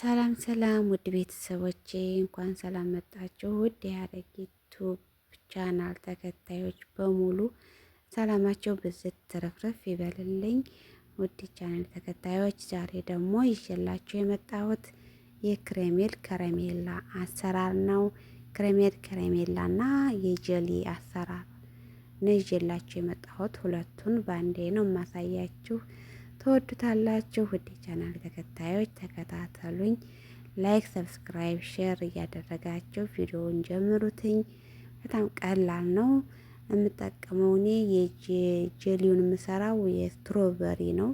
ሰላም ሰላም ውድ ቤተሰቦቼ እንኳን ሰላም መጣችሁ። ውድ የሀረግ ዩቱብ ቻናል ተከታዮች በሙሉ ሰላማቸው ብዝት ትረፍረፍ ይበልልኝ። ውድ ቻናል ተከታዮች ዛሬ ደግሞ ይዤላችሁ የመጣሁት የክሬሜል ከረሜላ አሰራር ነው። ክሬሜል ከረሜላና የጀሊ አሰራር ነው ይዤላችሁ የመጣሁት። ሁለቱን በአንዴ ነው የማሳያችሁ። ተወዱታላችሁ። ውድ ቻናል ተከታዮች ተከታተሉኝ። ላይክ፣ ሰብስክራይብ፣ ሼር እያደረጋችሁ ቪዲዮውን ጀምሩትኝ። በጣም ቀላል ነው። የምጠቀመው እኔ የጄሊውን የምሰራው የስትሮበሪ ነው።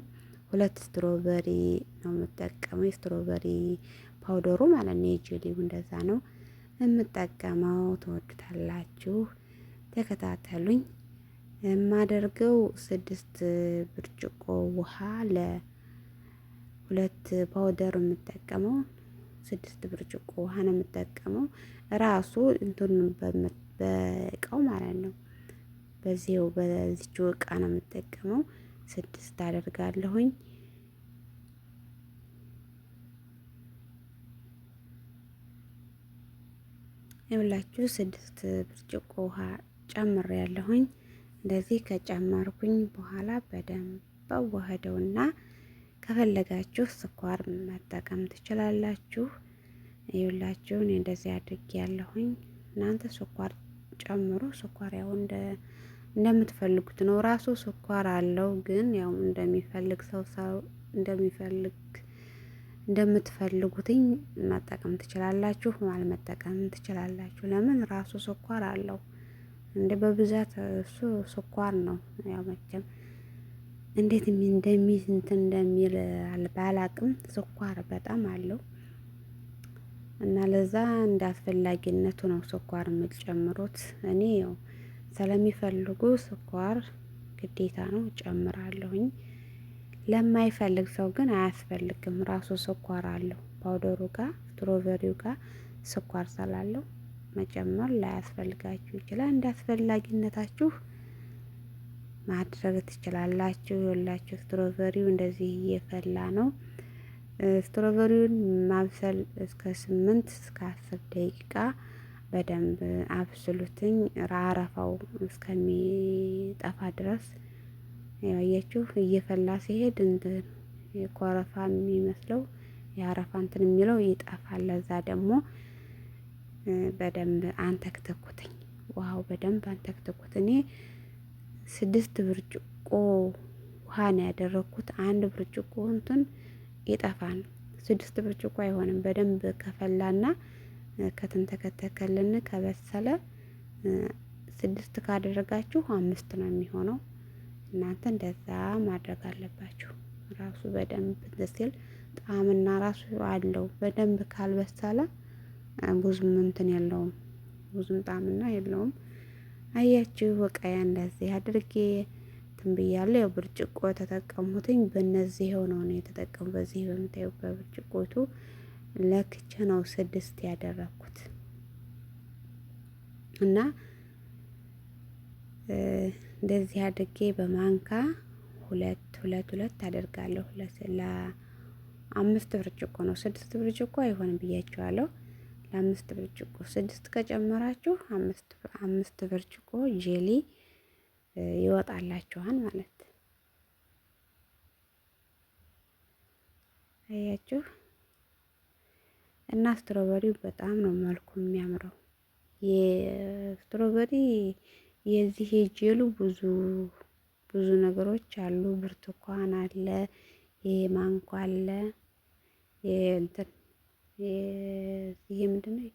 ሁለት ስትሮበሪ ነው የምጠቀመው፣ የስትሮበሪ ፓውደሩ ማለት ነው። የጄሊው እንደዛ ነው የምጠቀመው። ተወዱታላችሁ። ተከታተሉኝ። የማደርገው ስድስት ብርጭቆ ውሃ ለሁለት ፓውደር የምጠቀመው ስድስት ብርጭቆ ውሃ ነው የምጠቀመው። ራሱ እንትኑን በእቃው ማለት ነው። በዚው በዚች እቃ ነው የምጠቀመው። ስድስት አደርጋለሁኝ። ይኸውላችሁ ስድስት ብርጭቆ ውሃ ጨምሬ ያለሁኝ። እንደዚህ ከጨመርኩኝ በኋላ በደንብ አዋህደውና ከፈለጋችሁ ስኳር መጠቀም ትችላላችሁ። ይውላችሁ እኔ እንደዚህ አድርጌ ያለሁኝ እናንተ ስኳር ጨምሩ። ስኳር ያው እንደምትፈልጉት ነው። ራሱ ስኳር አለው ግን ያው እንደሚፈልግ ሰው ሰው እንደሚፈልግ እንደምትፈልጉትኝ መጠቀም ትችላላችሁ፣ አልመጠቀም ትችላላችሁ። ለምን ራሱ ስኳር አለው። እንደ በብዛት እሱ ስኳር ነው። ያው መቼም እንዴት እንደሚዝ እንትን እንደሚል ባላቅም ስኳር በጣም አለው እና ለዛ እንደ አስፈላጊነቱ ነው ስኳር የምትጨምሩት። እኔ ያው ስለሚፈልጉ ስኳር ግዴታ ነው ጨምራለሁኝ። ለማይፈልግ ሰው ግን አያስፈልግም። ራሱ ስኳር አለው ፓውደሩ ጋር ጋር ስኳር ስላለው መጨመር ላያስፈልጋችሁ ይችላል። እንደ አስፈላጊነታችሁ ማድረግ ትችላላችሁ። የወላችሁ ስትሮቨሪው እንደዚህ እየፈላ ነው። ስትሮቨሪውን ማብሰል እስከ ስምንት እስከ አስር ደቂቃ በደንብ አብስሉትኝ አረፋው እስከሚጠፋ ድረስ ያያችሁ እየፈላ ሲሄድ እንትን የኮረፋ የሚመስለው የአረፋ እንትን የሚለው ይጠፋል። ለዛ ደግሞ በደንብ አንተክተኩትኝ። ውሃው በደንብ አንተክተኩት። እኔ ስድስት ብርጭቆ ውሃ ነው ያደረግኩት። አንድ ብርጭቆ እንትን ይጠፋን፣ ስድስት ብርጭቆ አይሆንም። በደንብ ከፈላና ከተንተከተከልን ከበሰለ ስድስት ካደረጋችሁ አምስት ነው የሚሆነው። እናንተ እንደዛ ማድረግ አለባችሁ። ራሱ በደንብ ሲል ጣዕምና ራሱ አለው። በደንብ ካልበሰለ ብዙም እንትን የለውም ብዙም ጣዕምና የለውም። አያችሁ ወቃያ እንደዚህ አድርጌ ትንብያለሁ። ያው ብርጭቆ ተጠቀሙትኝ በነዚህ የሆነው ነው የተጠቀሙ በዚህ በምታዩ በብርጭቆቱ ለክቸ ነው ስድስት ያደረኩት እና እንደዚህ አድርጌ በማንካ ሁለት ሁለት ሁለት አደርጋለሁ። ለአምስት ብርጭቆ ነው ስድስት ብርጭቆ አይሆንም ብያቸዋለሁ። ለአምስት ብርጭቆ ስድስት ከጨመራችሁ አምስት ብርጭቆ ጄሊ ይወጣላችኋል ማለት አያችሁ። እና ስትሮበሪው በጣም ነው መልኩ የሚያምረው። የስትሮበሪ የዚህ የጄሉ ብዙ ብዙ ነገሮች አሉ። ብርቱካን አለ፣ የማንጎ አለ፣ እንትን ይሄ ምንድነው?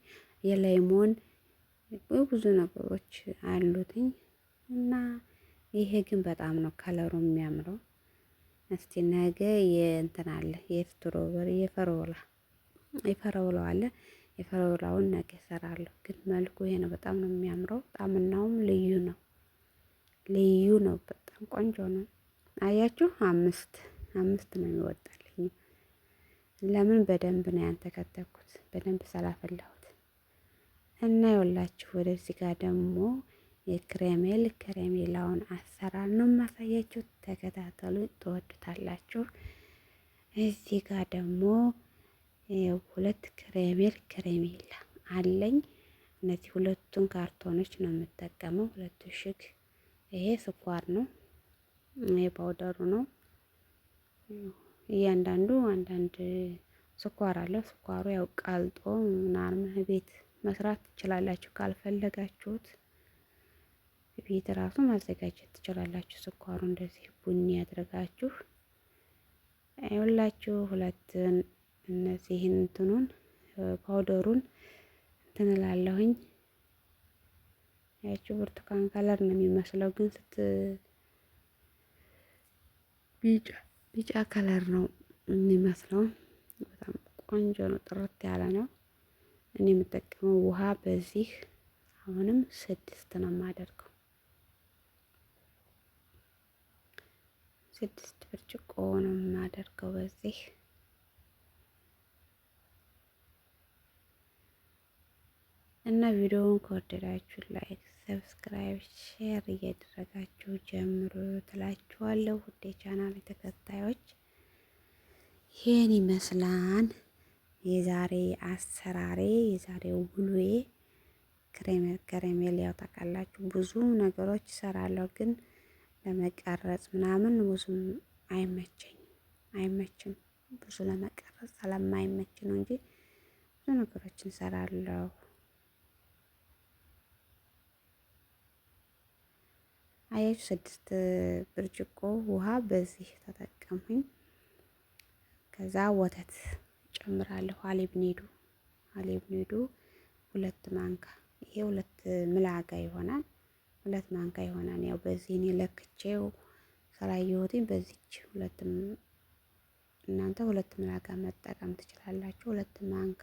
የላይሞን ብዙ ነገሮች አሉትኝ እና ይሄ ግን በጣም ነው ከለሩ የሚያምረው። እስቲ ነገ የእንትን አለ የስትሮበሪ የፈረውላ የፈረውላ አለ የፈረውላውን ነገ እሰራለሁ። ግን መልኩ ይሄ ነው። በጣም ነው የሚያምረው። ጣምናውም ልዩ ነው። ልዩ ነው። በጣም ቆንጆ ነው። አያችሁ አምስት አምስት ነው የሚወጣ ለምን በደንብ ነው ያንተከተኩት፣ በደንብ ስላፈላሁት እና ይወላችሁ። ወደዚህ ጋር ደግሞ የክሬሜል ክሬሜላውን አሰራር ነው ማሳያችሁ። ተከታተሉ፣ ትወዱታላችሁ። እዚህ ጋር ደግሞ ሁለት ክሬሜል ክሬሜላ አለኝ። እነዚህ ሁለቱን ካርቶኖች ነው የምጠቀመው፣ ሁለቱ ሽግ። ይሄ ስኳር ነው፣ ይሄ ፓውደሩ ነው። እያንዳንዱ አንዳንድ ስኳር አለው። ስኳሩ ያው ቃልጦ ምናምን ቤት መስራት ትችላላችሁ። ካልፈለጋችሁት ቤት ራሱ ማዘጋጀት ትችላላችሁ። ስኳሩ እንደዚህ ቡኒ ያደርጋችሁ ሁላችሁ ሁለት እነዚህን እንትኑን ፓውደሩን እንትን እላለሁኝ። ብርቱካን ከለር ነው የሚመስለው ግን ስት ቢጫ ቢጫ ከለር ነው የሚመስለው። በጣም ቆንጆ ነው፣ ጥርት ያለ ነው። እኔ የምጠቀመው ውሃ በዚህ አሁንም ስድስት ነው የማደርገው። ስድስት ብርጭቆ ነው የማደርገው በዚህ እና ቪዲዮውን ከወደዳችሁ ላይክ ሰብስክራይብ፣ ሼር እያደረጋችሁ ጀምሩ ትላችኋለሁ። ውዴ ቻናል ተከታዮች ይህን ይመስላል የዛሬ አሰራሬ፣ የዛሬ ውሎዬ። ከረሜላ ያው ታውቃላችሁ ብዙ ነገሮች እሰራለሁ፣ ግን ለመቀረጽ ምናምን ብዙም አይመቸኝም አይመችም ብዙ ለመቀረጽ ስለማይመች ነው እንጂ ብዙ ነገሮችን እሰራለሁ። አያችሁ ስድስት ብርጭቆ ውሃ በዚህ ተጠቀምኩኝ። ከዛ ወተት ጨምራለሁ። አሌብኔዶ አሌብኔዶ ሁለት ማንካ ይሄ ሁለት ምላጋ ይሆናል። ሁለት ማንካ ይሆናል። ያው በዚህ እኔ ለክቼው ስላየሁትኝ በዚች ሁለት እናንተ ሁለት ምላጋ መጠቀም ትችላላችሁ። ሁለት ማንካ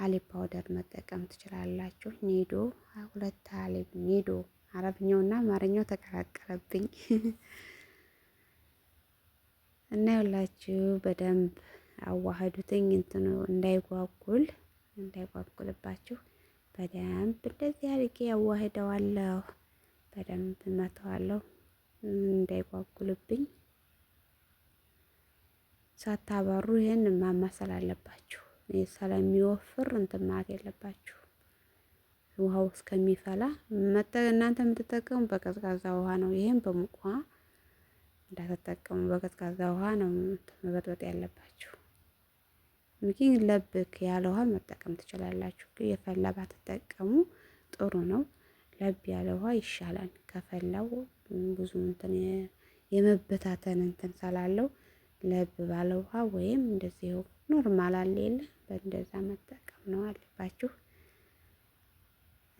ሀሊብ ፓውደር መጠቀም ትችላላችሁ። ኔዶ ሁለት ሀሊብ ኔዶ አረብኛውና አማርኛው ተቀላቀለብኝ እና ያላችሁ በደንብ አዋህዱትኝ እንትኑ እንዳይጓጉል እንዳይጓጉልባችሁ በደንብ እንደዚህ አድርጌ ያዋህደዋለሁ። በደንብ መተዋለሁ እንዳይጓጉልብኝ። ሳታበሩ ይህን ማማሰል አለባችሁ። ስለሚወፍር እንትን ማለት የለባችሁ። ውሃው እስከሚፈላ እናንተ የምትጠቀሙ በቀዝቃዛ ውሃ ነው። ይህም በሙቅ ውሃ እንዳትጠቀሙ፣ በቀዝቃዛ ውሃ ነው መበጥበጥ ያለባችሁ። ምግኝ ለብክ ያለ ውሃ መጠቀም ትችላላችሁ። የፈላ ባትጠቀሙ ጥሩ ነው። ለብ ያለ ውሃ ይሻላል። ከፈላው ብዙ እንትን የመበታተን እንትን ስላለው ለብ ባለ ውሃ ወይም እንደዚሁ ኖርማል አለ የለ በእንደዛ መጠቀም ነው አለባችሁ።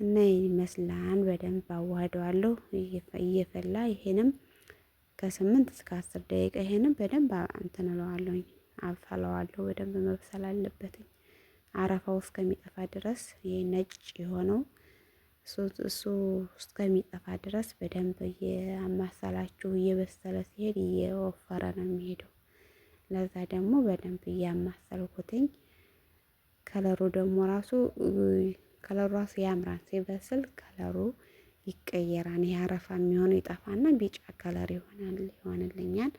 እና ይመስላል በደንብ አዋህደዋለሁ እየፈላ ይሄንም ከስምንት እስከ አስር ደቂቃ ይሄንም በደንብ እንትን እለዋለሁኝ አፈላዋለሁ በደንብ መብሰል አለበትኝ አረፋው እስከሚጠፋ ድረስ ይሄ ነጭ የሆነው እሱ እስከሚጠፋ ድረስ በደንብ እያማሰላችሁ እየበሰለ ሲሄድ እየወፈረ ነው የሚሄደው። ለዛ ደግሞ በደንብ እያማሰልኩትኝ ከለሩ ደግሞ ራሱ ከለሩ ራሱ ሲበስል ከለሩ ይቀየራል። ያረፋ አረፋ የሚሆነው ይጠፋና ቢጫ ከለር ይሆናል ይሆንልኛል።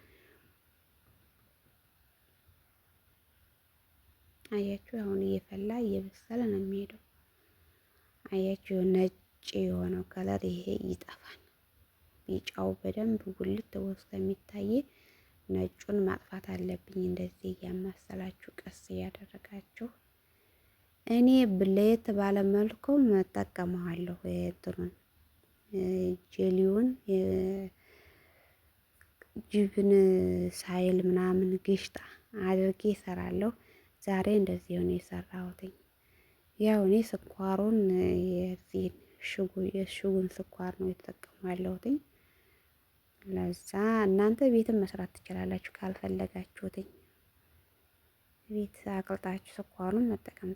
አያችሁ አሁን እየፈላ እየበሰለ ነው የሚሄደው። አያችሁ ነጭ የሆነው ከለር ይሄ ይጠፋል። ቢጫው በደንብ ጉልት ተወስቶ የሚታይ ነጩን ማጥፋት አለብኝ። እንደዚህ እያማሰላችሁ ቀስ እያደረጋችሁ እኔ ለየት ባለ መልኩ መጠቀመዋለሁ። የእንትኑን ጄሊውን ጅብን ሳይል ምናምን ግሽጣ አድርጌ እሰራለሁ። ዛሬ እንደዚህ ሆነ የሰራሁትኝ። ያው እኔ ስኳሩን የዚህን ስኳር ነው የተጠቀማለሁትኝ። ለዛ እናንተ ቤትም መስራት ትችላላችሁ ካልፈለጋችሁትኝ ቤት አቅልጣችሁ ስኳሩን መጠቀም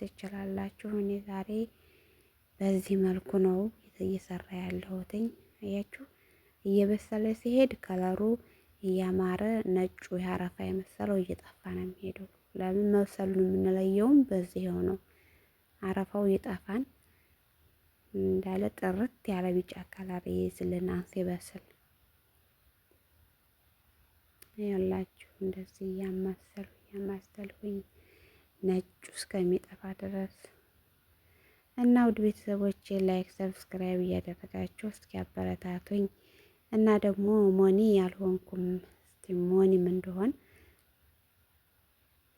ትችላላችሁ። እኔ ዛሬ በዚህ መልኩ ነው እየሰራ ያለሁትኝ። አያችሁ እየበሰለ ሲሄድ ከለሩ እያማረ ነጩ የአረፋ የመሰለው እየጠፋ ነው የሚሄደው። ለምን መብሰሉን የምንለየውም በዚህ ነው። አረፋው እየጠፋን እንዳለ ጥርት ያለ ቢጫ ከለር ይይዝልናል በስል ያላችሁ እንደዚህ እያመሰሉ የማስተልሁኝ ነጩ እስከሚጠፋ ድረስ እና ውድ ቤተሰቦች ላይክ ሰብስክራይብ እያደረጋችሁ እስኪ አበረታቱኝ። እና ደግሞ ሞኒ ያልሆንኩም እስቲ ሞኒም እንደሆን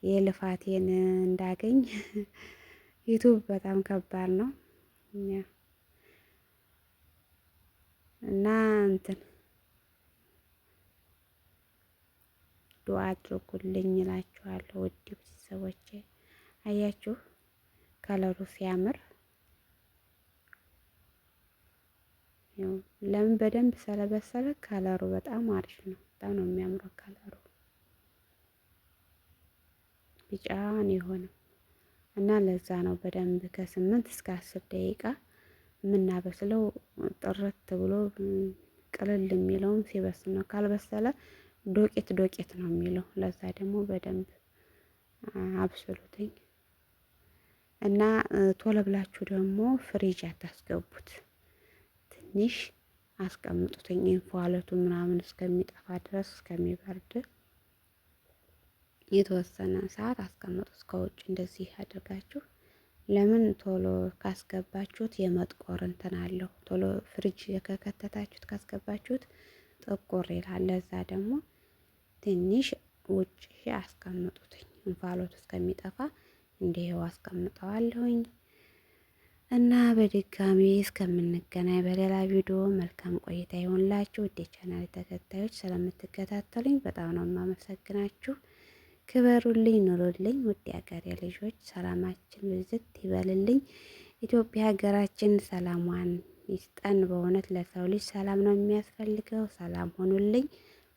የልፋቴን እንዳገኝ ዩቱብ በጣም ከባድ ነው እና እንትን ዱአ አድርጉልኝ እላችኋለሁ። ውድ ቤተሰቦቼ አያችሁ ከለሩ ሲያምር ለምን በደንብ ስለበሰለ ከለሩ በጣም አሪፍ ነው። በጣም ነው የሚያምረው ከለሩ ቢጫ ነው የሆነው እና ለዛ ነው በደንብ ከስምንት እስከ አስር ደቂቃ የምናበስለው ጥርት ብሎ ቅልል የሚለውም ሲበስል ነው። ካልበሰለ ዶቄት ዶቄት ነው የሚለው። ለዛ ደግሞ በደንብ አብስሉትኝ እና ቶሎ ብላችሁ ደግሞ ፍሪጅ አታስገቡት። ትንሽ አስቀምጡትኝ እንፏለቱ ምናምን እስከሚጠፋ ድረስ እስከሚበርድ የተወሰነ ሰዓት አስቀምጡት። ከውጭ እንደዚህ አድርጋችሁ ለምን ቶሎ ካስገባችሁት የመጥቆር እንትን አለው። ቶሎ ፍሪጅ ከከተታችሁት ካስገባችሁት ጥቁር ይላል። ለዛ ደግሞ ትንሽ ውጭ አስቀምጡትኝ እንፋሎት እስከሚጠፋ እንዲህው አስቀምጠዋለሁኝ። እና በድጋሚ እስከምንገናኝ በሌላ ቪዲዮ መልካም ቆይታ ይሆንላችሁ። ውዴ ቻናል ተከታዮች ስለምትከታተሉኝ በጣም ነው የማመሰግናችሁ። ክበሩልኝ፣ ኑሩልኝ። ውድ ሀገሬ ልጆች ሰላማችን ብዝት ይበልልኝ። ኢትዮጵያ ሀገራችን ሰላሟን ይስጠን። በእውነት ለሰው ልጅ ሰላም ነው የሚያስፈልገው። ሰላም ሆኑልኝ።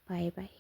ባይ ባይ